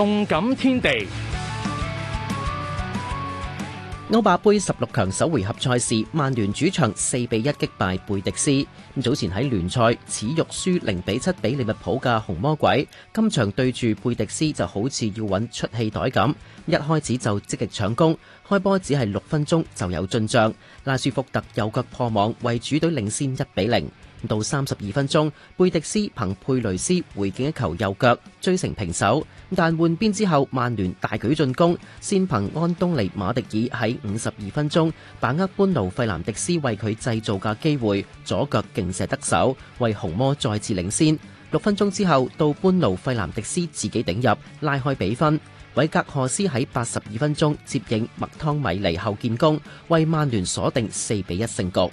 動感天地歐霸盃十六強首回合賽事，曼聯主場四比一擊敗貝迪斯。咁早前喺聯賽恥辱輸零比七俾利物浦嘅紅魔鬼，今場對住貝迪斯就好似要搵出氣袋咁，一開始就積極搶攻。開波只係六分鐘就有進賬，拉舒福特右腳破網為主隊領先一比零。到三十二分鐘，貝迪斯憑佩雷斯回敬一球右腳追成平手，但換邊之後，曼聯大舉進攻，先憑安東尼馬迪爾喺五十二分鐘把握般奴費蘭迪斯為佢製造嘅機會，左腳勁射得手，為紅魔再次領先。六分鐘之後，到般奴費蘭迪斯自己頂入拉開比分，韋格赫斯喺八十二分鐘接應麥湯米尼後建功，為曼聯鎖定四比一勝局。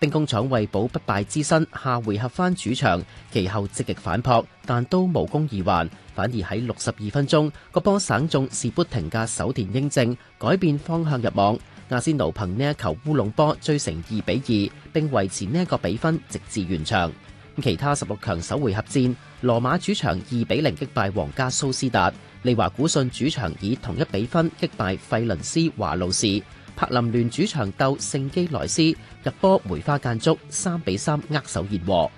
兵工廠為保不敗之身，下回合返主場，其後積極反撲，但都無功而還，反而喺六十二分鐘，個波省中士砵亭嘅手踭應正，改變方向入網。阿仙奴憑呢一球烏龍波追成二比二，並維持呢個比分直至完場。其他十六強首回合戰，羅馬主場二比零擊敗皇家蘇斯達，利華古信主場以同一比分擊敗費倫斯華路士。柏林聯主場鬥聖基萊斯，入波梅花間竹三比三握手言和。